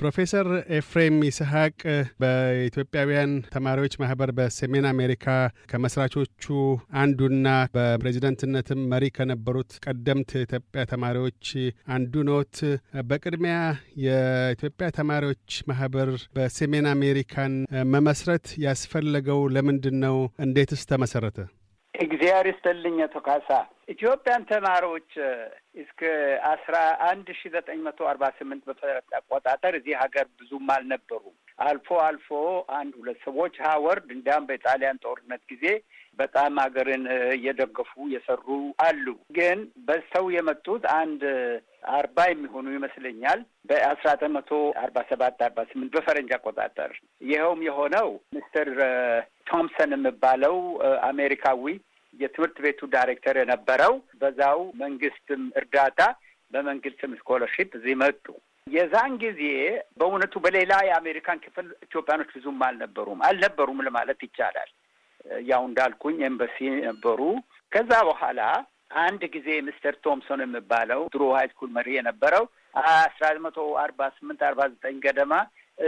ፕሮፌሰር ኤፍሬም ይስሐቅ በኢትዮጵያውያን ተማሪዎች ማህበር በሰሜን አሜሪካ ከመስራቾቹ አንዱና በፕሬዚደንትነትም መሪ ከነበሩት ቀደምት ኢትዮጵያ ተማሪዎች አንዱ ኖት። በቅድሚያ የኢትዮጵያ ተማሪዎች ማህበር በሰሜን አሜሪካን መመስረት ያስፈለገው ለምንድን ነው? እንዴትስ ተመሰረተ? እግዚአብሔር ይስጥልኝ አቶ ካሳ ኢትዮጵያን ተማሪዎች እስከ አስራ አንድ ሺ ዘጠኝ መቶ አርባ ስምንት በፈረንጅ አቆጣጠር እዚህ ሀገር ብዙም አልነበሩም። አልፎ አልፎ አንድ ሁለት ሰዎች ሀወርድ እንዲያም በኢጣሊያን ጦርነት ጊዜ በጣም ሀገርን እየደገፉ የሰሩ አሉ። ግን በዝተው የመጡት አንድ አርባ የሚሆኑ ይመስለኛል በአስራ ዘጠኝ መቶ አርባ ሰባት አርባ ስምንት በፈረንጅ አቆጣጠር። ይኸውም የሆነው ሚስተር ቶምሰን የሚባለው አሜሪካዊ የትምህርት ቤቱ ዳይሬክተር የነበረው በዛው መንግስትም እርዳታ በመንግስትም ስኮለርሺፕ እዚህ መጡ። የዛን ጊዜ በእውነቱ በሌላ የአሜሪካን ክፍል ኢትዮጵያኖች ብዙም አልነበሩም አልነበሩም ለማለት ይቻላል። ያው እንዳልኩኝ ኤምባሲ ነበሩ። ከዛ በኋላ አንድ ጊዜ ሚስተር ቶምሶን የሚባለው ድሮ ሃይስኩል መሪ የነበረው አስራ መቶ አርባ ስምንት አርባ ዘጠኝ ገደማ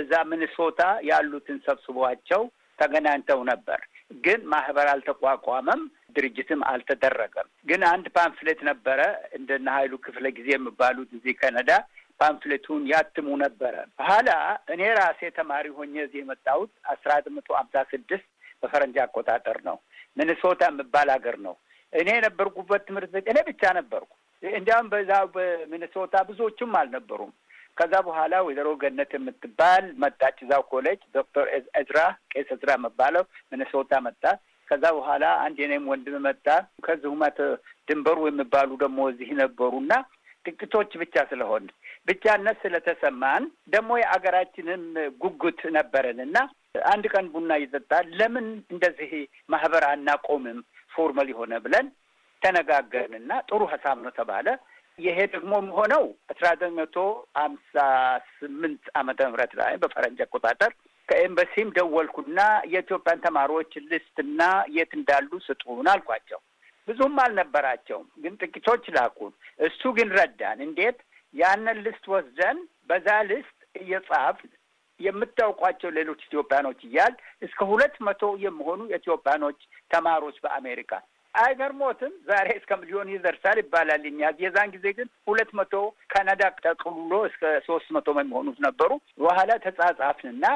እዛ ሚኒሶታ ያሉትን ሰብስቧቸው ተገናኝተው ነበር። ግን ማህበር አልተቋቋመም፣ ድርጅትም አልተደረገም። ግን አንድ ፓምፍሌት ነበረ እንደነ ሀይሉ ክፍለ ጊዜ የሚባሉት እዚህ ከነዳ ፓምፍሌቱን ያትሙ ነበረ። በኋላ እኔ ራሴ ተማሪ ሆኜ እዚህ የመጣሁት አስራ መቶ አምሳ ስድስት በፈረንጅ አቆጣጠር ነው። ሚኒሶታ የምባል ሀገር ነው። እኔ የነበርኩበት ትምህርት እኔ ብቻ ነበርኩ። እንዲያውም በዛ በሚኒሶታ ብዙዎችም አልነበሩም። ከዛ በኋላ ወይዘሮ ገነት የምትባል መጣች እዛው ኮሌጅ። ዶክተር እዝራ ቄስ እዝራ መባለው ሚኒሶታ መጣ። ከዛ በኋላ አንድ የኔም ወንድም መጣ። ከዝሁመት ድንበሩ የሚባሉ ደግሞ እዚህ ነበሩ ነበሩና ጥቂቶች ብቻ ስለሆን ብቻነት ስለተሰማን ደግሞ የአገራችንም ጉጉት ነበረን እና አንድ ቀን ቡና ይጠጣል፣ ለምን እንደዚህ ማህበር አናቆምም ፎርመል የሆነ ብለን ተነጋገርን እና ጥሩ ሀሳብ ነው ተባለ። ይሄ ደግሞ የሆነው አስራ ዘጠኝ መቶ ሀምሳ ስምንት አመተ ምህረት ላይ በፈረንጅ አቆጣጠር ከኤምበሲም ደወልኩና የኢትዮጵያን ተማሪዎች ልስትና የት እንዳሉ ስጡን አልኳቸው። ብዙም አልነበራቸውም፣ ግን ጥቂቶች ላኩን። እሱ ግን ረዳን። እንዴት? ያንን ልስት ወስደን በዛ ልስት እየጻፍ የምታውቋቸው ሌሎች ኢትዮጵያኖች እያል እስከ ሁለት መቶ የሚሆኑ የኢትዮጵያኖች ተማሪዎች በአሜሪካ አይገርሞትም? ዛሬ እስከ ሚሊዮን ይደርሳል ይባላል እኛ የዛን ጊዜ ግን ሁለት መቶ ካናዳ ጠቅልሎ እስከ ሶስት መቶ የሚሆኑት ነበሩ። በኋላ ተጻጻፍንና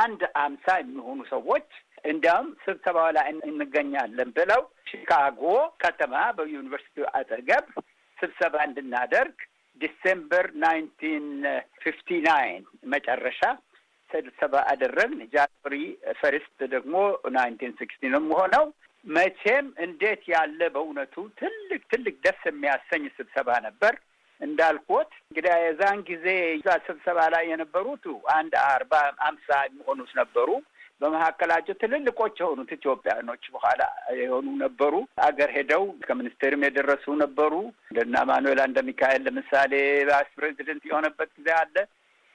አንድ አምሳ የሚሆኑ ሰዎች እንዲያውም ስብሰባ ላይ እንገኛለን ብለው ሺካጎ ከተማ በዩኒቨርሲቲ አጠገብ ስብሰባ እንድናደርግ ዲሴምበር ናይንቲን ፊፍቲ ናይን መጨረሻ ስብሰባ አደረግን። ጃንዋሪ ፈርስት ደግሞ ናይንቲን ሲክስቲ ነው የምሆነው መቼም እንዴት ያለ በእውነቱ ትልቅ ትልቅ ደስ የሚያሰኝ ስብሰባ ነበር። እንዳልኩት እንግዲህ የዛን ጊዜ እዛ ስብሰባ ላይ የነበሩት አንድ አርባ አምሳ የሚሆኑት ነበሩ። በመካከላቸው ትልልቆች የሆኑት ኢትዮጵያኖች በኋላ የሆኑ ነበሩ። አገር ሄደው ከሚኒስቴርም የደረሱ ነበሩ። እንደና ማኑኤል አንደ ሚካኤል ለምሳሌ ቫይስ ፕሬዚደንት የሆነበት ጊዜ አለ።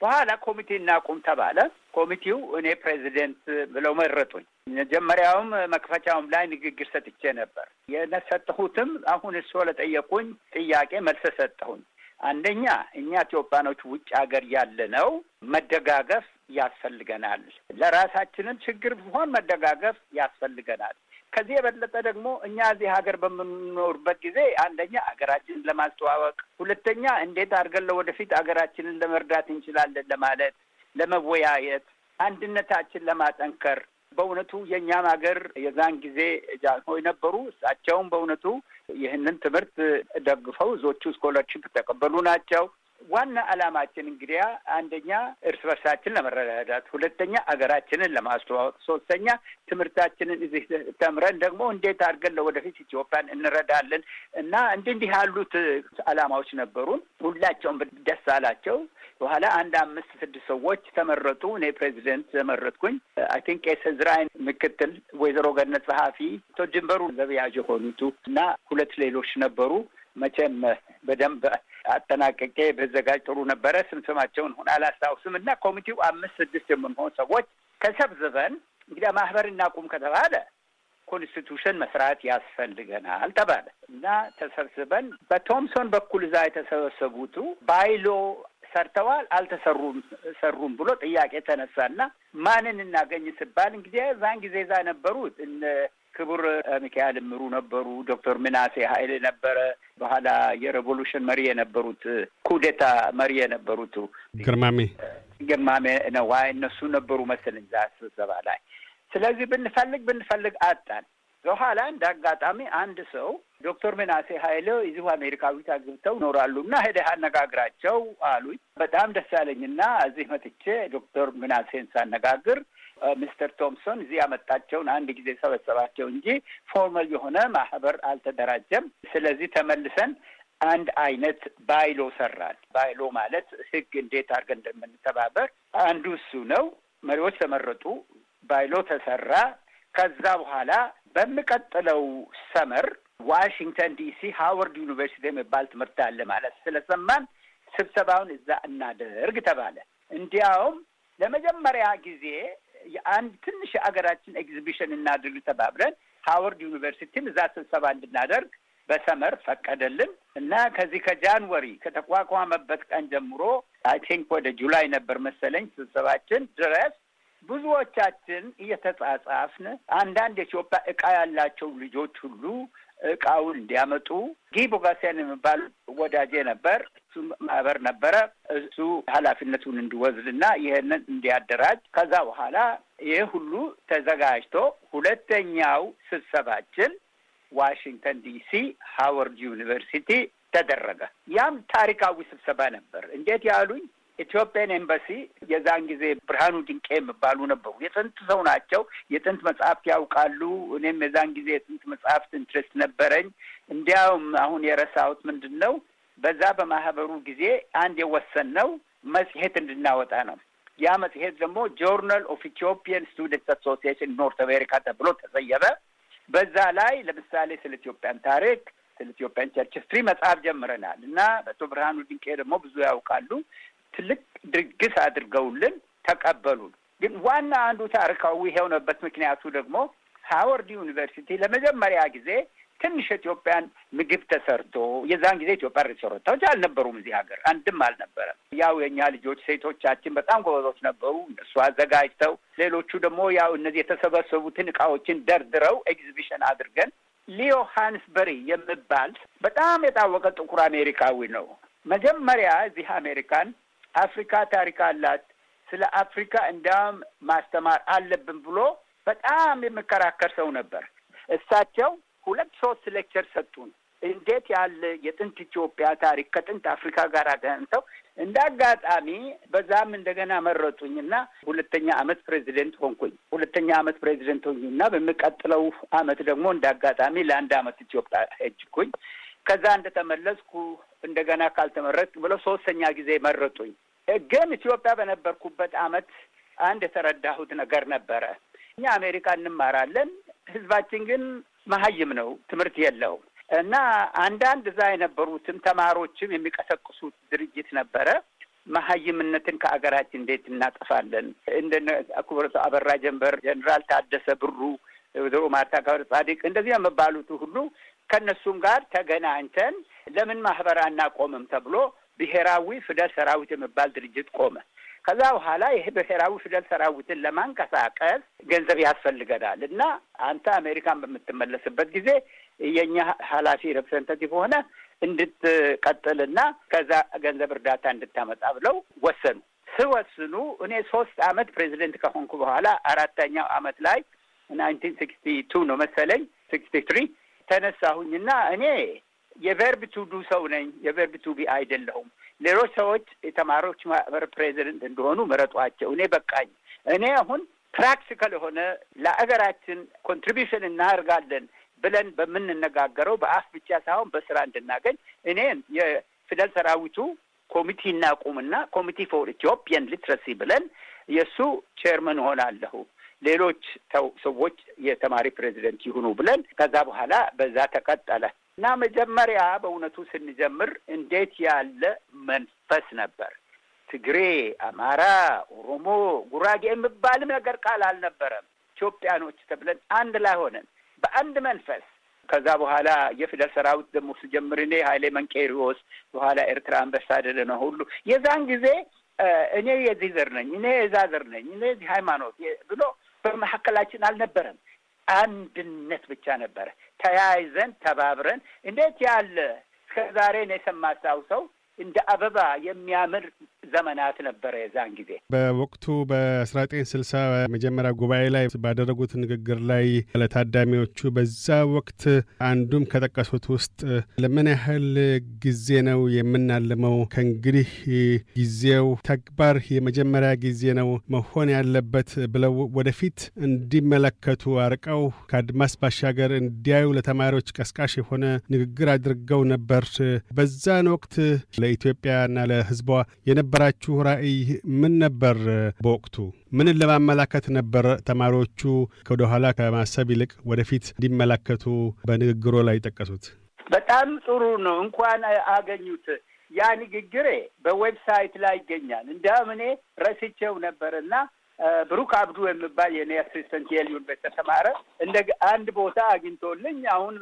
በኋላ ኮሚቴ እናቁም ተባለ። ኮሚቴው እኔ ፕሬዚደንት ብለው መረጡኝ። መጀመሪያውም መክፈቻውም ላይ ንግግር ሰጥቼ ነበር። የሰጠሁትም አሁን እሶ ለጠየቁኝ ጥያቄ መልስ ሰጠሁኝ። አንደኛ እኛ ኢትዮጵያኖች ውጭ ሀገር ያለነው መደጋገፍ ያስፈልገናል። ለራሳችንም ችግር ቢሆን መደጋገፍ ያስፈልገናል። ከዚህ የበለጠ ደግሞ እኛ እዚህ ሀገር በምንኖርበት ጊዜ አንደኛ ሀገራችንን ለማስተዋወቅ፣ ሁለተኛ እንዴት አድርገን ለወደፊት ሀገራችንን ለመርዳት እንችላለን ለማለት ለመወያየት፣ አንድነታችን ለማጠንከር በእውነቱ የእኛም ሀገር የዛን ጊዜ ጃንሆይ ነበሩ። እሳቸውም በእውነቱ ይህንን ትምህርት ደግፈው እዞቹ ስኮለርሽፕ ተቀበሉ ናቸው። ዋና ዓላማችን እንግዲያ አንደኛ እርስ በርሳችን ለመረዳዳት፣ ሁለተኛ አገራችንን ለማስተዋወቅ፣ ሶስተኛ ትምህርታችንን እዚህ ተምረን ደግሞ እንዴት አድርገን ለወደፊት ኢትዮጵያን እንረዳለን እና እንዲህ እንዲህ ያሉት ዓላማዎች ነበሩን። ሁላቸውም ደስ አላቸው። በኋላ አንድ አምስት ስድስት ሰዎች ተመረጡ። እኔ ፕሬዚደንት ተመረጥኩኝ። አይ ቲንክ ቄስ ዝራይን ምክትል፣ ወይዘሮ ገነት ጸሐፊ፣ አቶ ድንበሩ ዘብያጅ የሆኑቱ እና ሁለት ሌሎች ነበሩ መቼም በደንብ አጠናቀቄ በዘጋጅ ጥሩ ነበረ። ስምስማቸውን ስማቸውን ሁን አላስታውስም እና ኮሚቴው አምስት ስድስት የምንሆን ሰዎች ተሰብስበን እንግዲህ ማህበር እናቁም ከተባለ ኮንስቲቱሽን መስራት ያስፈልገናል ተባለ እና ተሰብስበን በቶምሶን በኩል እዛ የተሰበሰቡቱ ባይሎ ሰርተዋል አልተሰሩም ሰሩም ብሎ ጥያቄ ተነሳ ተነሳና ማንን እናገኝ ስባል እንግዲህ ዛን ጊዜ እዛ ነበሩት ክቡር ሚካኤል እምሩ ነበሩ። ዶክተር ምናሴ ኃይሌ ነበረ። በኋላ የሬቮሉሽን መሪ የነበሩት ኩዴታ መሪ የነበሩት ግርማሜ ግርማሜ ነው። አይ እነሱ ነበሩ መሰለኝ እዛ ስብሰባ ላይ። ስለዚህ ብንፈልግ ብንፈልግ አጣን። በኋላ እንደ አጋጣሚ አንድ ሰው ዶክተር ምናሴ ኃይሌ እዚሁ አሜሪካዊት አግብተው ይኖራሉ እና ሄደህ አነጋግራቸው አሉኝ። በጣም ደስ አለኝና እዚህ መጥቼ ዶክተር ምናሴን ሳነጋግር ሚስተር ቶምሶን እዚህ ያመጣቸውን አንድ ጊዜ ሰበሰባቸው እንጂ ፎርመል የሆነ ማህበር አልተደራጀም። ስለዚህ ተመልሰን አንድ አይነት ባይሎ ሰራል። ባይሎ ማለት ህግ እንዴት አድርገን እንደምንተባበር አንዱ እሱ ነው። መሪዎች ተመረጡ፣ ባይሎ ተሰራ። ከዛ በኋላ በሚቀጥለው ሰመር ዋሽንግተን ዲሲ ሃዋርድ ዩኒቨርሲቲ የሚባል ትምህርት አለ ማለት ስለሰማን ስብሰባውን እዛ እናደርግ ተባለ። እንዲያውም ለመጀመሪያ ጊዜ የአንድ ትንሽ የአገራችን ኤግዚቢሽን እናድርግ ተባብረን ሀዋርድ ዩኒቨርሲቲም እዛ ስብሰባ እንድናደርግ በሰመር ፈቀደልን እና ከዚህ ከጃንወሪ ከተቋቋመበት ቀን ጀምሮ አይ ቲንክ ወደ ጁላይ ነበር መሰለኝ ስብሰባችን ድረስ ብዙዎቻችን እየተጻጻፍን አንዳንድ የኢትዮጵያ እቃ ያላቸው ልጆች ሁሉ እቃውን እንዲያመጡ ጊ የሚባል ወዳጄ ነበር። እሱም ማህበር ነበረ። እሱ ኃላፊነቱን እንዲወስድና ይህንን እንዲያደራጅ ከዛ በኋላ ይህ ሁሉ ተዘጋጅቶ ሁለተኛው ስብሰባችን ዋሽንግተን ዲሲ ሃዋርድ ዩኒቨርሲቲ ተደረገ። ያም ታሪካዊ ስብሰባ ነበር። እንዴት ያሉኝ ኢትዮጵያን ኤምባሲ የዛን ጊዜ ብርሃኑ ድንቄ የሚባሉ ነበሩ። የጥንት ሰው ናቸው። የጥንት መጽሐፍት ያውቃሉ። እኔም የዛን ጊዜ የጥንት መጽሐፍት ኢንትረስት ነበረኝ። እንዲያውም አሁን የረሳሁት ምንድን ነው በዛ በማህበሩ ጊዜ አንድ የወሰንነው መጽሔት እንድናወጣ ነው። ያ መጽሔት ደግሞ ጆርናል ኦፍ ኢትዮጵያን ስቱደንት አሶሲዬሽን ኖርት አሜሪካ ተብሎ ተሰየመ። በዛ ላይ ለምሳሌ ስለ ኢትዮጵያን ታሪክ፣ ስለ ኢትዮጵያን ቸርች ስትሪ መጽሐፍ ጀምረናል እና በቶ ብርሃኑ ድንቄ ደግሞ ብዙ ያውቃሉ። ትልቅ ድግስ አድርገውልን ተቀበሉን። ግን ዋና አንዱ ታሪካዊ የሆነበት ምክንያቱ ደግሞ ሃዋርድ ዩኒቨርሲቲ ለመጀመሪያ ጊዜ ትንሽ ኢትዮጵያን ምግብ ተሰርቶ የዛን ጊዜ ኢትዮጵያ ሬስቶራንቶች አልነበሩም። እዚህ ሀገር አንድም አልነበረም። ያው የእኛ ልጆች ሴቶቻችን በጣም ጎበዞች ነበሩ። እነሱ አዘጋጅተው፣ ሌሎቹ ደግሞ ያው እነዚህ የተሰበሰቡትን እቃዎችን ደርድረው ኤግዚቢሽን አድርገን ሊዮ ሃንስበሪ የሚባል በጣም የታወቀ ጥቁር አሜሪካዊ ነው። መጀመሪያ እዚህ አሜሪካን አፍሪካ ታሪክ አላት፣ ስለ አፍሪካ እንዲያውም ማስተማር አለብን ብሎ በጣም የሚከራከር ሰው ነበር። እሳቸው ሁለት ሶስት ሌክቸር ሰጡን። እንዴት ያለ የጥንት ኢትዮጵያ ታሪክ ከጥንት አፍሪካ ጋር ገንተው እንደ አጋጣሚ በዛም እንደገና መረጡኝ እና ሁለተኛ አመት ፕሬዚደንት ሆንኩኝ። ሁለተኛ አመት ፕሬዚደንት ሆኝ እና በሚቀጥለው አመት ደግሞ እንደ አጋጣሚ ለአንድ አመት ኢትዮጵያ ሄጅኩኝ። ከዛ እንደተመለስኩ እንደገና ካልተመረጥ ብለው ሶስተኛ ጊዜ መረጡኝ። ግን ኢትዮጵያ በነበርኩበት አመት አንድ የተረዳሁት ነገር ነበረ። እኛ አሜሪካ እንማራለን፣ ህዝባችን ግን መሀይም ነው፣ ትምህርት የለውም። እና አንዳንድ እዛ የነበሩትም ተማሪዎችም የሚቀሰቅሱት ድርጅት ነበረ። መሀይምነትን ከአገራችን እንዴት እናጠፋለን? እንደ ክቡር አበራ ጀንበር፣ ጀኔራል ታደሰ ብሩ፣ ወይዘሮ ማርታ ከበደ ጻድቅ እንደዚህ የመባሉት ሁሉ ከእነሱም ጋር ተገናኝተን ለምን ማህበር አናቆምም ተብሎ ብሔራዊ ፊደል ሰራዊት የሚባል ድርጅት ቆመ። ከዛ በኋላ ይህ ብሔራዊ ፊደል ሰራዊትን ለማንቀሳቀስ ገንዘብ ያስፈልገናል እና አንተ አሜሪካን በምትመለስበት ጊዜ የእኛ ኃላፊ ሬፕሬዘንታቲቭ ሆነ እንድትቀጥልና ከዛ ገንዘብ እርዳታ እንድታመጣ ብለው ወሰኑ። ስወስኑ እኔ ሶስት አመት ፕሬዚደንት ከሆንኩ በኋላ አራተኛው አመት ላይ ናይንቲን ሲክስቲ ቱ ነው መሰለኝ ሲክስቲ ትሪ ተነሳሁኝና እኔ የቨርብ ቱዱ ሰው ነኝ የቨርብ ቱቢ አይደለሁም ሌሎች ሰዎች የተማሪዎች ማህበር ፕሬዚደንት እንደሆኑ መረጧቸው እኔ በቃኝ። እኔ አሁን ፕራክቲካል የሆነ ለአገራችን ኮንትሪቢሽን እናደርጋለን ብለን በምንነጋገረው በአፍ ብቻ ሳይሆን በስራ እንድናገኝ እኔ የፊደል ሰራዊቱ ኮሚቴ እናቁምና ኮሚቲ ፎር ኢትዮጵያን ሊትረሲ ብለን የእሱ ቼርመን ሆናለሁ። ሌሎች ሰዎች የተማሪ ፕሬዚደንት ይሁኑ ብለን ከዛ በኋላ በዛ ተቀጠለ። እና መጀመሪያ በእውነቱ ስንጀምር እንዴት ያለ መንፈስ ነበር። ትግሬ፣ አማራ፣ ኦሮሞ፣ ጉራጌ የሚባል ነገር ቃል አልነበረም። ኢትዮጵያኖች ተብለን አንድ ላይ ሆነን በአንድ መንፈስ ከዛ በኋላ የፊደል ሰራዊት ደግሞ ስጀምር እኔ ኃይሌ መንቄሪዎስ በኋላ ኤርትራ አንበሳ ደደ ነው ሁሉ የዛን ጊዜ እኔ የዚህ ዘር ነኝ እኔ የዛ ዘር ነኝ እኔ የዚህ ሃይማኖት ብሎ በመካከላችን አልነበረም። አንድነት ብቻ ነበረ። ተያይዘን ተባብረን እንዴት ያለ እስከ ዛሬ ነው የሰማ ሰው እንደ አበባ የሚያምር ዘመናት ነበረ። የዛን ጊዜ በወቅቱ በ ስልሳ መጀመሪያ ጉባኤ ላይ ባደረጉት ንግግር ላይ ለታዳሚዎቹ በዛ ወቅት አንዱም ከጠቀሱት ውስጥ ለምን ያህል ጊዜ ነው የምናልመው? ከእንግዲህ ጊዜው ተግባር የመጀመሪያ ጊዜ ነው መሆን ያለበት ብለው ወደፊት እንዲመለከቱ አርቀው ከአድማስ ባሻገር እንዲያዩ ለተማሪዎች ቀስቃሽ የሆነ ንግግር አድርገው ነበር። በዛን ወቅት ለኢትዮጵያና ለሕዝቧ የነበራችሁ ራዕይ ምን ነበር? በወቅቱ ምንን ለማመላከት ነበር ተማሪዎቹ ከወደኋላ ከማሰብ ይልቅ ወደፊት እንዲመላከቱ በንግግሮ ላይ ጠቀሱት? በጣም ጥሩ ነው። እንኳን አገኙት። ያ ንግግሬ በዌብሳይት ላይ ይገኛል። እንዲያውም እኔ ረስቼው ነበር እና ብሩክ አብዱ የሚባል የኔ አሲስተንት የልዩን ቤት እንደ አንድ ቦታ አግኝቶልኝ አሁን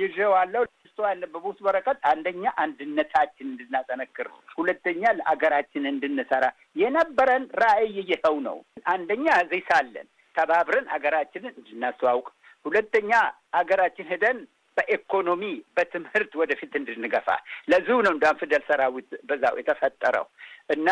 ይዤዋለሁ። ተነስቶ ያነበቡት ወረቀት አንደኛ አንድነታችን እንድናጠነክር፣ ሁለተኛ ለአገራችን እንድንሰራ የነበረን ራዕይ ይኸው ነው። አንደኛ እዚህ ሳለን ተባብረን አገራችንን እንድናስተዋውቅ፣ ሁለተኛ አገራችን ሄደን በኢኮኖሚ በትምህርት ወደፊት እንድንገፋ። ለዚሁ ነው እንዳን ፊደል ሰራዊት በዛው የተፈጠረው እና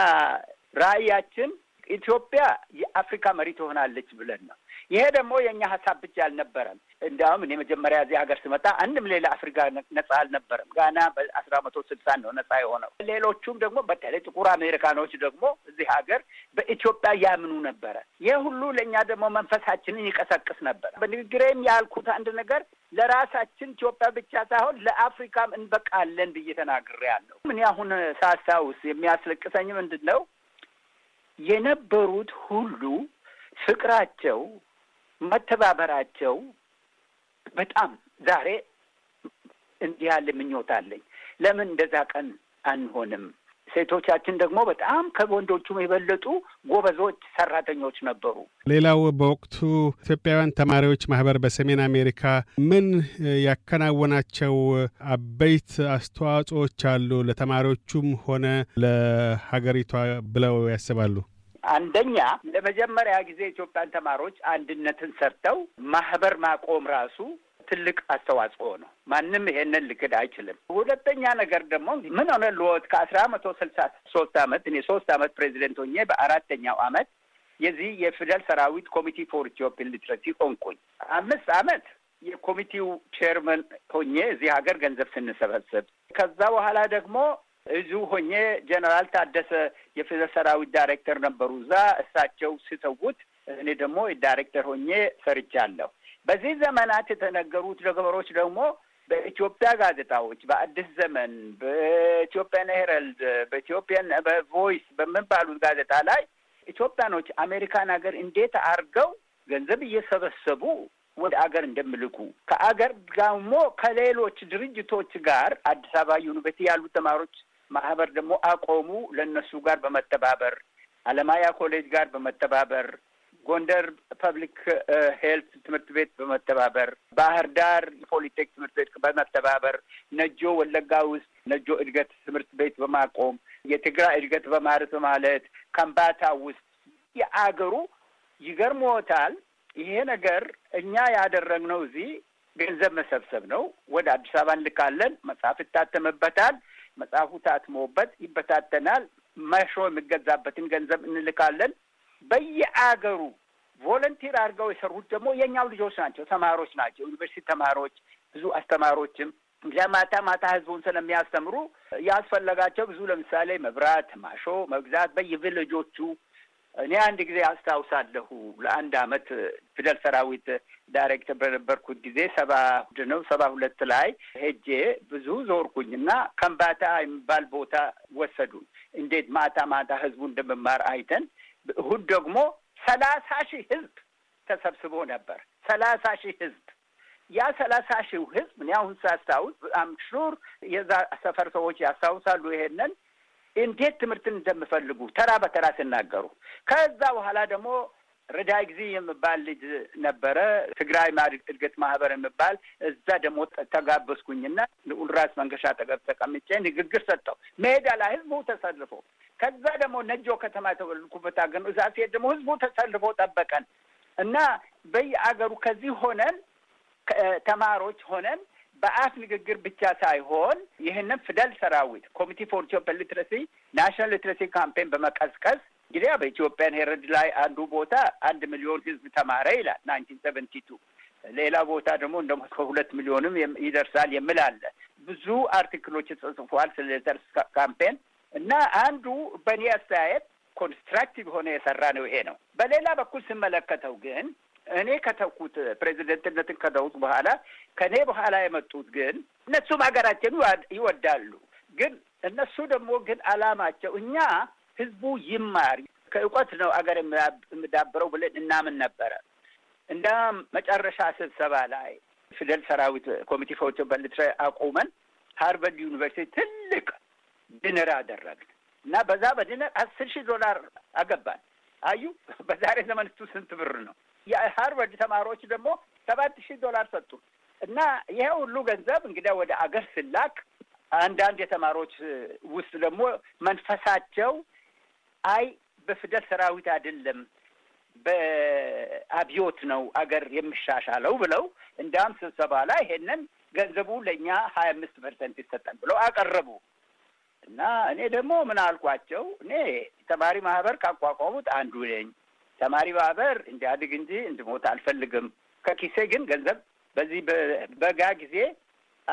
ራዕያችን ኢትዮጵያ የአፍሪካ መሪ ትሆናለች ብለን ነው። ይሄ ደግሞ የእኛ ሀሳብ ብቻ አልነበረም። እንዲያውም እኔ መጀመሪያ እዚህ ሀገር ስመጣ አንድም ሌላ አፍሪካ ነጻ አልነበረም። ጋና በአስራ መቶ ስልሳ ነው ነጻ የሆነው። ሌሎቹም ደግሞ በተለይ ጥቁር አሜሪካኖች ደግሞ እዚህ ሀገር በኢትዮጵያ ያምኑ ነበረ። ይህ ሁሉ ለእኛ ደግሞ መንፈሳችንን ይቀሰቅስ ነበር። በንግግሬም ያልኩት አንድ ነገር ለራሳችን ኢትዮጵያ ብቻ ሳይሆን ለአፍሪካም እንበቃለን ብዬ ተናግሬያለሁ። ምን ያሁን ሳስታውስ የሚያስለቅሰኝ ምንድን ነው የነበሩት ሁሉ ፍቅራቸው፣ መተባበራቸው በጣም ዛሬ እንዲህ ያለ ምኞት አለኝ። ለምን እንደዛ ቀን አንሆንም? ሴቶቻችን ደግሞ በጣም ከወንዶቹም የበለጡ ጎበዞች ሰራተኞች ነበሩ። ሌላው በወቅቱ ኢትዮጵያውያን ተማሪዎች ማህበር በሰሜን አሜሪካ ምን ያከናወናቸው አበይት አስተዋጽኦዎች አሉ? ለተማሪዎቹም ሆነ ለሀገሪቷ ብለው ያስባሉ? አንደኛ ለመጀመሪያ ጊዜ ኢትዮጵያን ተማሪዎች አንድነትን ሰርተው ማህበር ማቆም ራሱ ትልቅ አስተዋጽኦ ነው። ማንም ይሄንን ልክድ አይችልም። ሁለተኛ ነገር ደግሞ ምን ሆነ ልወት ከአስራ መቶ ስልሳ ሶስት አመት እኔ ሶስት አመት ፕሬዚደንት ሆኜ በአራተኛው አመት የዚህ የፊደል ሰራዊት ኮሚቴ ፎር ኢትዮጵያን ሊትረሲ ሆንኩኝ። አምስት አመት የኮሚቴው ቼርመን ሆኜ እዚህ ሀገር ገንዘብ ስንሰበስብ ከዛ በኋላ ደግሞ እዚሁ ሆኜ ጀነራል ታደሰ የፌዘር ሰራዊት ዳይሬክተር ነበሩ እዛ እሳቸው ሲተዉት፣ እኔ ደግሞ ዳይሬክተር ሆኜ ሰርቻለሁ። በዚህ ዘመናት የተነገሩት ነገሮች ደግሞ በኢትዮጵያ ጋዜጣዎች፣ በአዲስ ዘመን፣ በኢትዮጵያን ሄረልድ፣ በኢትዮጵያን በቮይስ በምንባሉት ጋዜጣ ላይ ኢትዮጵያኖች አሜሪካን ሀገር እንዴት አድርገው ገንዘብ እየሰበሰቡ ወደ አገር እንደሚልኩ ከአገር ደግሞ ከሌሎች ድርጅቶች ጋር አዲስ አበባ ዩኒቨርሲቲ ያሉት ተማሪዎች ማህበር ደግሞ አቆሙ። ለእነሱ ጋር በመተባበር አለማያ ኮሌጅ ጋር በመተባበር ጎንደር ፐብሊክ ሄልት ትምህርት ቤት በመተባበር ባህር ዳር ፖሊቴክ ትምህርት ቤት በመተባበር ነጆ ወለጋ ውስጥ ነጆ እድገት ትምህርት ቤት በማቆም የትግራይ እድገት በማረት በማለት ከምባታ ውስጥ የአገሩ ይገርሞታል። ይሄ ነገር እኛ ያደረግነው እዚህ ገንዘብ መሰብሰብ ነው። ወደ አዲስ አበባ እንልካለን። መጽሐፍ ይታተምበታል። መጽሐፉ ታትሞበት ይበታተናል። መሾ የሚገዛበትን ገንዘብ እንልካለን። በየአገሩ ቮለንቲር አድርገው የሰሩት ደግሞ የእኛው ልጆች ናቸው፣ ተማሪዎች ናቸው፣ ዩኒቨርሲቲ ተማሪዎች ብዙ አስተማሪዎችም ለማታ ማታ ማታ ህዝቡን ስለሚያስተምሩ ያስፈለጋቸው ብዙ ለምሳሌ መብራት፣ ማሾ መግዛት በየቪሌጆቹ እኔ አንድ ጊዜ አስታውሳለሁ ለአንድ አመት ፊደል ሰራዊት ዳይሬክተር በነበርኩት ጊዜ ሰባ ነው ሰባ ሁለት ላይ ሄጄ ብዙ ዞርኩኝ እና ከምባታ የሚባል ቦታ ወሰዱን። እንዴት ማታ ማታ ህዝቡ እንደመማር አይተን እሁድ ደግሞ ሰላሳ ሺህ ህዝብ ተሰብስቦ ነበር። ሰላሳ ሺህ ህዝብ ያ ሰላሳ ሺህ ህዝብ እኔ አሁን ሳስታውስ አምሹር የዛ ሰፈር ሰዎች ያስታውሳሉ ይሄንን እንዴት ትምህርትን እንደምፈልጉ ተራ በተራ ሲናገሩ ከዛ በኋላ ደግሞ ረዳይ ጊዜ የምባል ልጅ ነበረ፣ ትግራይ እድገት ማህበር የምባል እዛ ደግሞ ተጋበዝኩኝና ልዑል ራስ መንገሻ ጠገብ ተቀምጬ ንግግር ሰጠው ሜዳ ላይ ህዝቡ ተሰልፎ። ከዛ ደግሞ ነጆ ከተማ የተወለድኩበት አገር ነው። እዛ ሲሄድ ደግሞ ህዝቡ ተሰልፎ ጠበቀን እና በየአገሩ ከዚህ ሆነን ተማሪዎች ሆነን በአፍ ንግግር ብቻ ሳይሆን ይህንን ፊደል ሰራዊት ኮሚቴ ፎር ኢትዮጵያን ሊትረሲ ናሽናል ሊትረሲ ካምፔን በመቀስቀስ እንግዲህ በኢትዮጵያን ሄረድ ላይ አንዱ ቦታ አንድ ሚሊዮን ህዝብ ተማረ ይላል ናይንቲን ሰቨንቲ ቱ ሌላ ቦታ ደግሞ እስከ ሁለት ሚሊዮንም ይደርሳል የሚል አለ። ብዙ አርቲክሎች ተጽፏል ስለ ሊትረሲ ካምፔን እና አንዱ በእኔ አስተያየት ኮንስትራክቲቭ የሆነ የሰራ ነው ይሄ ነው። በሌላ በኩል ስመለከተው ግን እኔ ከተኩት ፕሬዚደንትነትን ከተውት በኋላ ከእኔ በኋላ የመጡት ግን እነሱም ሀገራችን ይወዳሉ። ግን እነሱ ደግሞ ግን አላማቸው እኛ ህዝቡ ይማር ከእውቀት ነው አገር የምዳብረው ብለን እናምን ነበረ እና መጨረሻ ስብሰባ ላይ ፊደል ሰራዊት ኮሚቴ ፎር በልትረ አቁመን ሃርቨርድ ዩኒቨርሲቲ ትልቅ ድንር አደረግን እና በዛ በድንር አስር ሺህ ዶላር አገባን። አዩ በዛሬ ዘመንቱ ስንት ብር ነው? የሀርቨርድ ተማሪዎች ደግሞ ሰባት ሺህ ዶላር ሰጡ እና ይሄ ሁሉ ገንዘብ እንግዲያ ወደ አገር ስላክ አንዳንድ የተማሪዎች ውስጥ ደግሞ መንፈሳቸው አይ በፊደል ሰራዊት አይደለም በአብዮት ነው አገር የሚሻሻለው ብለው እንዲያውም ስብሰባ ላይ ይሄንን ገንዘቡ ለእኛ ሀያ አምስት ፐርሰንት ይሰጠን ብለው አቀረቡ እና እኔ ደግሞ ምን አልኳቸው፣ እኔ ተማሪ ማህበር ካቋቋሙት አንዱ ነኝ። ተማሪ ማህበር እንዲያድግ እንጂ እንድሞት አልፈልግም። ከኪሴ ግን ገንዘብ በዚህ በጋ ጊዜ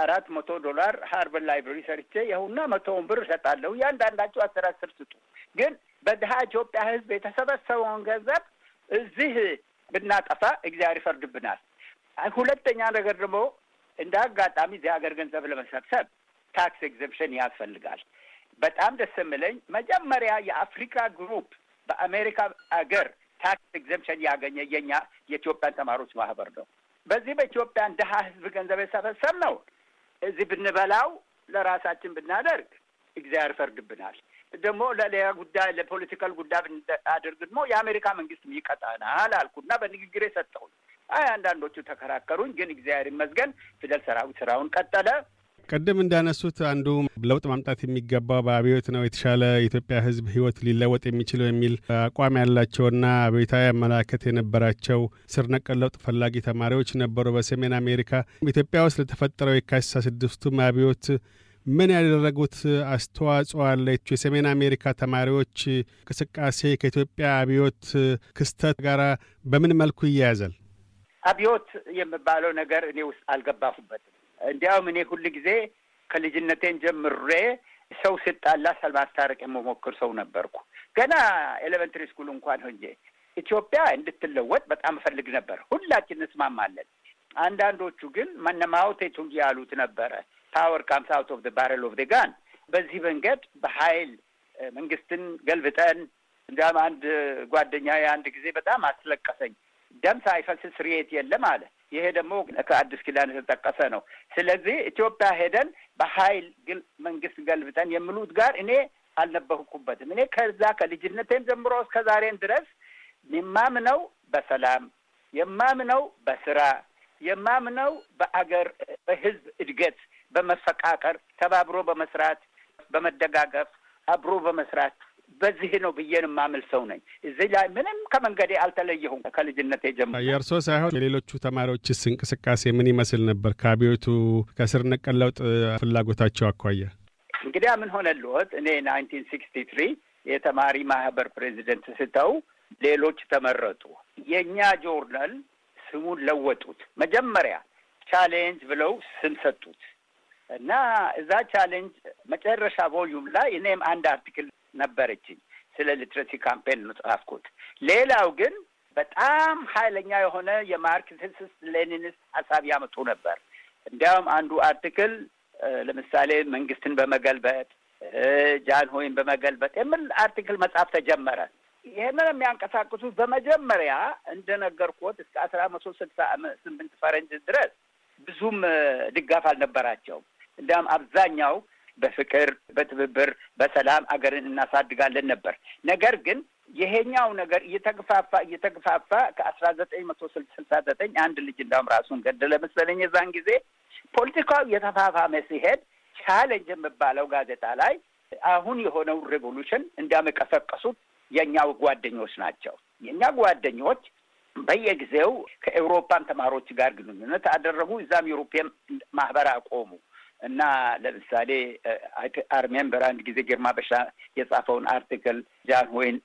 አራት መቶ ዶላር ሃርበር ላይብረሪ ሰርቼ ይኸውና መቶውን ብር እሰጣለሁ። እያንዳንዳቸው አስር አስር ስጡ። ግን በድሀ ኢትዮጵያ ህዝብ የተሰበሰበውን ገንዘብ እዚህ ብናጠፋ እግዚአብሔር ይፈርድብናል። ሁለተኛ ነገር ደግሞ እንደ አጋጣሚ እዚህ ሀገር ገንዘብ ለመሰብሰብ ታክስ ኤግዘምፕሽን ያስፈልጋል። በጣም ደስ የምለኝ መጀመሪያ የአፍሪካ ግሩፕ በአሜሪካ አገር ታክስ ኤግዘምፕሽን ያገኘ የኛ የኢትዮጵያን ተማሪዎች ማህበር ነው። በዚህ በኢትዮጵያን ድሀ ህዝብ ገንዘብ የሰበሰብ ነው። እዚህ ብንበላው ለራሳችን ብናደርግ እግዚአብሔር ፈርድብናል። ደግሞ ለሌላ ጉዳይ ለፖለቲካል ጉዳይ ብናደርግ ደግሞ የአሜሪካ መንግስት ይቀጣናል አልኩና በንግግሬ ሰጠሁኝ። አይ አንዳንዶቹ ተከራከሩኝ፣ ግን እግዚአብሔር ይመስገን ፊደል ሰራዊት ስራውን ቀጠለ። ቀደም እንዳነሱት አንዱ ለውጥ ማምጣት የሚገባው በአብዮት ነው፣ የተሻለ የኢትዮጵያ ሕዝብ ሕይወት ሊለወጥ የሚችለው የሚል አቋም ያላቸውና አብዮታዊ አመላከት የነበራቸው ስር ነቀል ለውጥ ፈላጊ ተማሪዎች ነበሩ። በሰሜን አሜሪካ ኢትዮጵያ ውስጥ ለተፈጠረው የካቲት ስድስቱም አብዮት ምን ያደረጉት አስተዋጽኦ አለች? የሰሜን አሜሪካ ተማሪዎች እንቅስቃሴ ከኢትዮጵያ አብዮት ክስተት ጋር በምን መልኩ ይያያዛል? አብዮት የሚባለው ነገር እኔ ውስጥ አልገባሁበትም። እንዲያውም እኔ ሁል ጊዜ ከልጅነቴን ጀምሬ ሰው ስጣላ ሳልማስታረቅ የምሞክር ሰው ነበርኩ። ገና ኤሌመንትሪ ስኩል እንኳን ሆኜ ኢትዮጵያ እንድትለወጥ በጣም እፈልግ ነበር። ሁላችን እንስማማለን። አንዳንዶቹ ግን ማው ሴ ያሉት ነበረ ፓወር ካምስ አውት ኦፍ ባረል ኦፍ ጋን። በዚህ መንገድ በሀይል መንግስትን ገልብጠን እንዲያውም አንድ ጓደኛ የአንድ ጊዜ በጣም አስለቀሰኝ። ደም ሳይፈስስ ርየት የለም አለ። ይሄ ደግሞ ከአዲስ ኪዳን የተጠቀሰ ነው። ስለዚህ ኢትዮጵያ ሄደን በኃይል ግል መንግስት ገልብጠን የሚሉት ጋር እኔ አልነበርኩበትም። እኔ ከዛ ከልጅነቴም ጀምሮ እስከ ዛሬን ድረስ የማምነው በሰላም የማምነው በስራ የማምነው በአገር በህዝብ እድገት፣ በመፈቃቀር ተባብሮ በመስራት በመደጋገፍ አብሮ በመስራት በዚህ ነው ብዬን የማምል ሰው ነኝ። እዚህ ላይ ምንም ከመንገዴ አልተለየሁም። ከልጅነት ጀምሮ የእርሶ ሳይሆን የሌሎቹ ተማሪዎችስ እንቅስቃሴ ምን ይመስል ነበር? ከአብዮቱ ከስር ነቀል ለውጥ ፍላጎታቸው አኳያ እንግዲያ ምን ሆነ እኔ ናይንቲን ሲክስቲ ትሪ የተማሪ ማህበር ፕሬዚደንት ስተው ሌሎች ተመረጡ። የእኛ ጆርናል ስሙን ለወጡት። መጀመሪያ ቻሌንጅ ብለው ስም ሰጡት እና እዛ ቻሌንጅ መጨረሻ ቮሊዩም ላይ እኔም አንድ አርቲክል ነበረችኝ። ስለ ሊትረሲ ካምፔን ነው ጻፍኩት። ሌላው ግን በጣም ኃይለኛ የሆነ የማርክሲስት ሌኒኒስት ሀሳብ ያመጡ ነበር። እንዲያውም አንዱ አርቲክል ለምሳሌ መንግስትን በመገልበጥ ጃንሆይን በመገልበጥ የሚል አርቲክል መጽሐፍ ተጀመረ። ይህንን የሚያንቀሳቅሱት በመጀመሪያ እንደነገርኩት እስከ አስራ መቶ ስልሳ ስምንት ፈረንጅ ድረስ ብዙም ድጋፍ አልነበራቸውም። እንዲያውም አብዛኛው በፍቅር፣ በትብብር፣ በሰላም አገርን እናሳድጋለን ነበር። ነገር ግን ይሄኛው ነገር እየተግፋፋ እየተግፋፋ ከአስራ ዘጠኝ መቶ ስልሳ ዘጠኝ አንድ ልጅ እንዳውም ራሱን ገደለ መሰለኝ የዛን ጊዜ ፖለቲካው እየተፋፋመ ሲሄድ ቻለንጅ የሚባለው ጋዜጣ ላይ አሁን የሆነው ሬቮሉሽን እንዳመቀሰቀሱት የእኛው ጓደኞች ናቸው። የእኛ ጓደኞች በየጊዜው ከኤውሮፓን ተማሪዎች ጋር ግንኙነት አደረጉ። እዛም ዩሮፒያን ማህበር አቆሙ። እና ለምሳሌ አርሜምበር አንድ ጊዜ ግርማ በሻ የጻፈውን አርቲክል ጃን ሆይን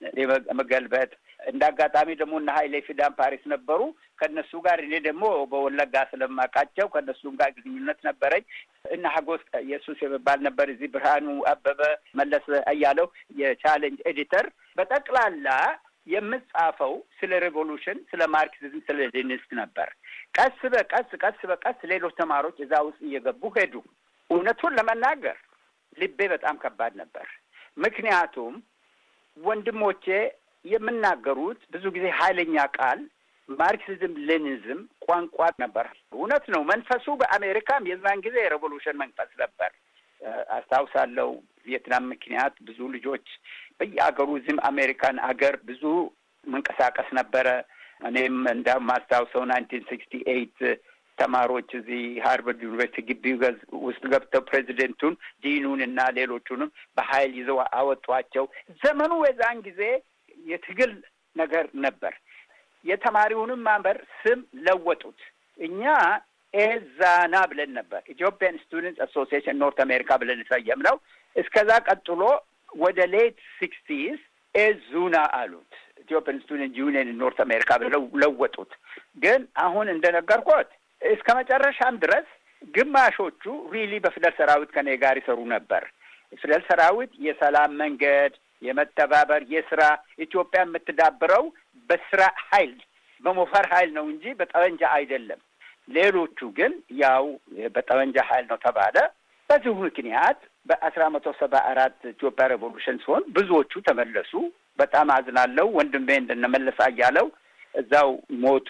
መገልበጥ እንደ አጋጣሚ ደግሞ እነ ሀይሌ ፊዳን ፓሪስ ነበሩ። ከነሱ ጋር እኔ ደግሞ በወለጋ ስለማውቃቸው ከነሱም ጋር ግንኙነት ነበረኝ። እነ ሀጎስ ኢየሱስ የሚባል ነበር እዚህ ብርሃኑ አበበ፣ መለስ እያለው የቻሌንጅ ኤዲተር በጠቅላላ የምጻፈው ስለ ሬቮሉሽን፣ ስለ ማርክሲዝም፣ ስለ ሌኒስት ነበር። ቀስ በቀስ ቀስ በቀስ ሌሎች ተማሪዎች እዛ ውስጥ እየገቡ ሄዱ። እውነቱን ለመናገር ልቤ በጣም ከባድ ነበር። ምክንያቱም ወንድሞቼ የምናገሩት ብዙ ጊዜ ኃይለኛ ቃል ማርክሲዝም ሌኒዝም ቋንቋ ነበር። እውነት ነው። መንፈሱ በአሜሪካም የዛን ጊዜ የሬቮሉሽን መንፈስ ነበር። አስታውሳለሁ። ቪየትናም ምክንያት ብዙ ልጆች በየአገሩ ዝም አሜሪካን አገር ብዙ መንቀሳቀስ ነበረ። እኔም እንደ ማስታውሰው ናይንቲን ሲክስቲ ኤይት ተማሪዎች እዚህ ሃርቨርድ ዩኒቨርሲቲ ግቢ ውስጥ ገብተው ፕሬዚደንቱን፣ ዲኑን እና ሌሎቹንም በኃይል ይዘው አወጧቸው። ዘመኑ የዛን ጊዜ የትግል ነገር ነበር። የተማሪውንም ማንበር ስም ለወጡት። እኛ ኤዛና ብለን ነበር ኢትዮጵያን ስቱደንት አሶሲሽን ኖርት አሜሪካ ብለን ሰየም ነው። እስከዛ ቀጥሎ ወደ ሌት ሲክስቲስ ኤዙና አሉት ኢትዮጵያን ስቱደንት ዩኒየን ኖርት አሜሪካ ብለው ለወጡት። ግን አሁን እንደነገርኩት እስከ መጨረሻም ድረስ ግማሾቹ ሪሊ በፊደል ሰራዊት ከኔ ጋር ይሰሩ ነበር። ፊደል ሰራዊት የሰላም መንገድ፣ የመተባበር፣ የስራ ኢትዮጵያ የምትዳብረው በስራ ኃይል በሞፈር ኃይል ነው እንጂ በጠመንጃ አይደለም። ሌሎቹ ግን ያው በጠመንጃ ኃይል ነው ተባለ። በዚሁ ምክንያት በአስራ መቶ ሰባ አራት ኢትዮጵያ ሬቮሉሽን ሲሆን ብዙዎቹ ተመለሱ። በጣም አዝናለው። ወንድሜ እንድንመለሳ እያለው እዛው ሞቱ።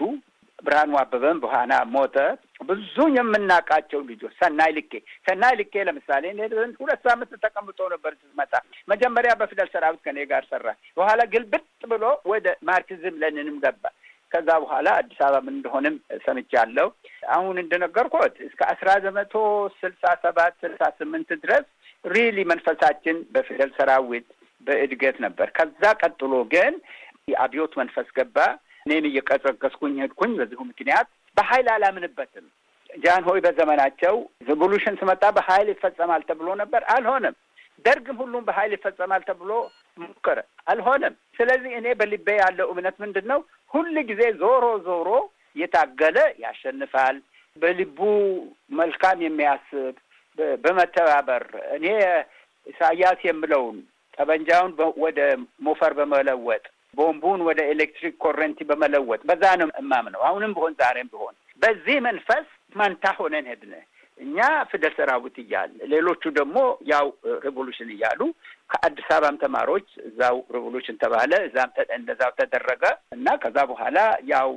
ብርሃኑ አበበም በኋላ ሞተ። ብዙ የምናውቃቸው ልጆች ሰናይ ልኬ ሰናይ ልኬ ለምሳሌ ሁለት ሳምንት ተቀምጦ ነበር ስትመጣ። መጀመሪያ በፊደል ሰራዊት ከኔ ጋር ሰራ። በኋላ ግልብጥ ብሎ ወደ ማርክዝም ለንንም ገባ። ከዛ በኋላ አዲስ አበባ ምን እንደሆንም ሰምቻለሁ። አሁን እንደነገርኩት እስከ አስራ ዘመቶ ስልሳ ሰባት ስልሳ ስምንት ድረስ ሪሊ መንፈሳችን በፊደል ሰራዊት በእድገት ነበር። ከዛ ቀጥሎ ግን የአብዮት መንፈስ ገባ። እኔም እየቀሰቀስኩኝ ሄድኩኝ። በዚሁ ምክንያት በኃይል አላምንበትም። ጃን ሆይ በዘመናቸው ሪቮሉሽን ስመጣ በኃይል ይፈጸማል ተብሎ ነበር፣ አልሆነም። ደርግም ሁሉም በኃይል ይፈጸማል ተብሎ ሞከረ፣ አልሆነም። ስለዚህ እኔ በልቤ ያለው እምነት ምንድን ነው? ሁል ጊዜ ዞሮ ዞሮ የታገለ ያሸንፋል። በልቡ መልካም የሚያስብ በመተባበር እኔ ኢሳያስ የምለውን ጠበንጃውን ወደ ሞፈር በመለወጥ ቦምቡን ወደ ኤሌክትሪክ ኮረንቲ በመለወጥ በዛ ነው እማምነው። አሁንም ቢሆን ዛሬም ቢሆን በዚህ መንፈስ ማንታ ሆነን ሄድን። እኛ ፊደል ሰራዊት እያል ሌሎቹ ደግሞ ያው ሬቮሉሽን እያሉ ከአዲስ አበባም ተማሪዎች እዛው ሬቮሉሽን ተባለ፣ እዛም እንደዛው ተደረገ እና ከዛ በኋላ ያው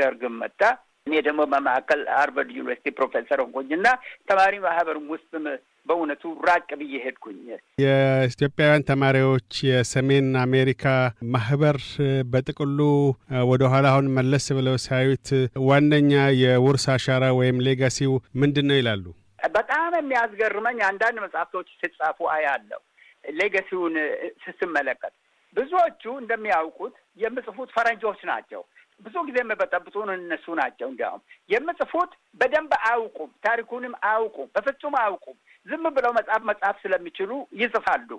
ደርግም መጣ። እኔ ደግሞ በማዕከል ሃርቨርድ ዩኒቨርሲቲ ፕሮፌሰር ሆንኩኝና ተማሪ ማህበርም ውስጥም በእውነቱ ራቅ ብዬ ሄድኩኝ። የኢትዮጵያውያን ተማሪዎች የሰሜን አሜሪካ ማህበር በጥቅሉ ወደ ኋላ አሁን መለስ ብለው ሲያዩት ዋነኛ የውርስ አሻራ ወይም ሌጋሲው ምንድን ነው ይላሉ? በጣም የሚያስገርመኝ አንዳንድ መጽሐፍቶች ሲጻፉ አያለው ሌጋሲውን ስትመለከት ብዙዎቹ እንደሚያውቁት የምጽፉት ፈረንጆች ናቸው። ብዙ ጊዜ የምበጠብጡን እነሱ ናቸው። እንዲያውም የምጽፉት በደንብ አያውቁም፣ ታሪኩንም አያውቁም፣ በፍጹም አያውቁም። ዝም ብለው መጽሐፍ መጽሐፍ ስለሚችሉ ይጽፋሉ።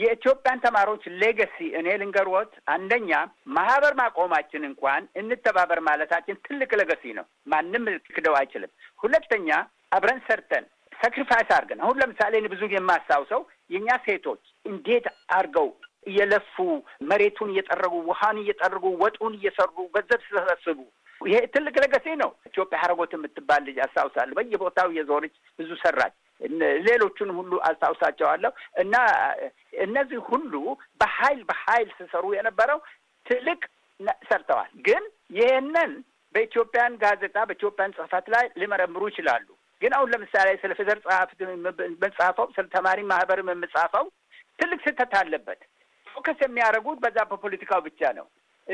የኢትዮጵያን ተማሪዎች ሌገሲ እኔ ልንገርዎት፣ አንደኛ ማህበር ማቆማችን እንኳን እንተባበር ማለታችን ትልቅ ሌገሲ ነው። ማንም ክደው አይችልም። ሁለተኛ አብረን ሰርተን ሳክሪፋይስ አድርገን አሁን ለምሳሌ ብዙ የማስታውሰው የእኛ ሴቶች እንዴት አድርገው እየለፉ መሬቱን እየጠረጉ ውሃን እየጠረጉ ወጡን እየሰሩ ገንዘብ ሲሰበስቡ ይሄ ትልቅ ለገሴ ነው። ኢትዮጵያ ሀረጎት የምትባል ልጅ አስታውሳለሁ። በየቦታው የዞረች ብዙ ሰራች። ሌሎቹን ሁሉ አስታውሳቸዋለሁ እና እነዚህ ሁሉ በኃይል በሀይል ሲሰሩ የነበረው ትልቅ ሰርተዋል። ግን ይህንን በኢትዮጵያን ጋዜጣ በኢትዮጵያን ጽህፈት ላይ ሊመረምሩ ይችላሉ። ግን አሁን ለምሳሌ ስለ ፌዘር ጸሐፍ የምጽፈው ስለ ተማሪ ማህበር የምጻፈው ትልቅ ስህተት አለበት። ፎከስ የሚያደርጉት በዛ በፖለቲካው ብቻ ነው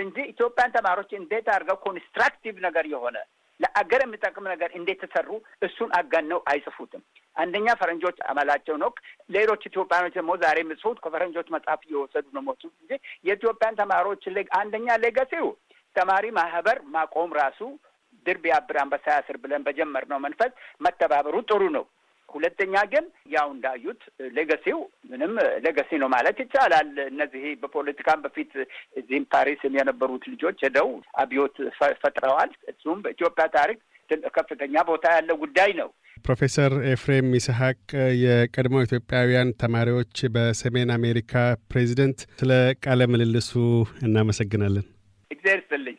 እንጂ ኢትዮጵያን ተማሪዎች እንዴት አድርገው ኮንስትራክቲቭ ነገር የሆነ ለአገር የሚጠቅም ነገር እንዴት ተሰሩ እሱን አጋነው አይጽፉትም። አንደኛ ፈረንጆች አመላቸው ነው። ሌሎች ኢትዮጵያኖች ደግሞ ዛሬ ምጽፉት ከፈረንጆች መጽሐፍ እየወሰዱ ነው። ሞቱ ጊዜ የኢትዮጵያን ተማሪዎች አንደኛ ሌገሲው ተማሪ ማህበር ማቆም ራሱ ድር ቢያብር አንበሳ ያስር ብለን በጀመርነው መንፈስ መተባበሩ ጥሩ ነው። ሁለተኛ ግን ያው እንዳዩት ሌገሲው ምንም ሌገሲ ነው ማለት ይቻላል። እነዚህ በፖለቲካም በፊት እዚህም ፓሪስም የነበሩት ልጆች ሄደው አብዮት ፈጥረዋል። እሱም በኢትዮጵያ ታሪክ ከፍተኛ ቦታ ያለው ጉዳይ ነው። ፕሮፌሰር ኤፍሬም ይስሐቅ የቀድሞ ኢትዮጵያውያን ተማሪዎች በሰሜን አሜሪካ ፕሬዚደንት፣ ስለ ቃለ ምልልሱ እናመሰግናለን። እግዚአብሔር ይስጥልኝ።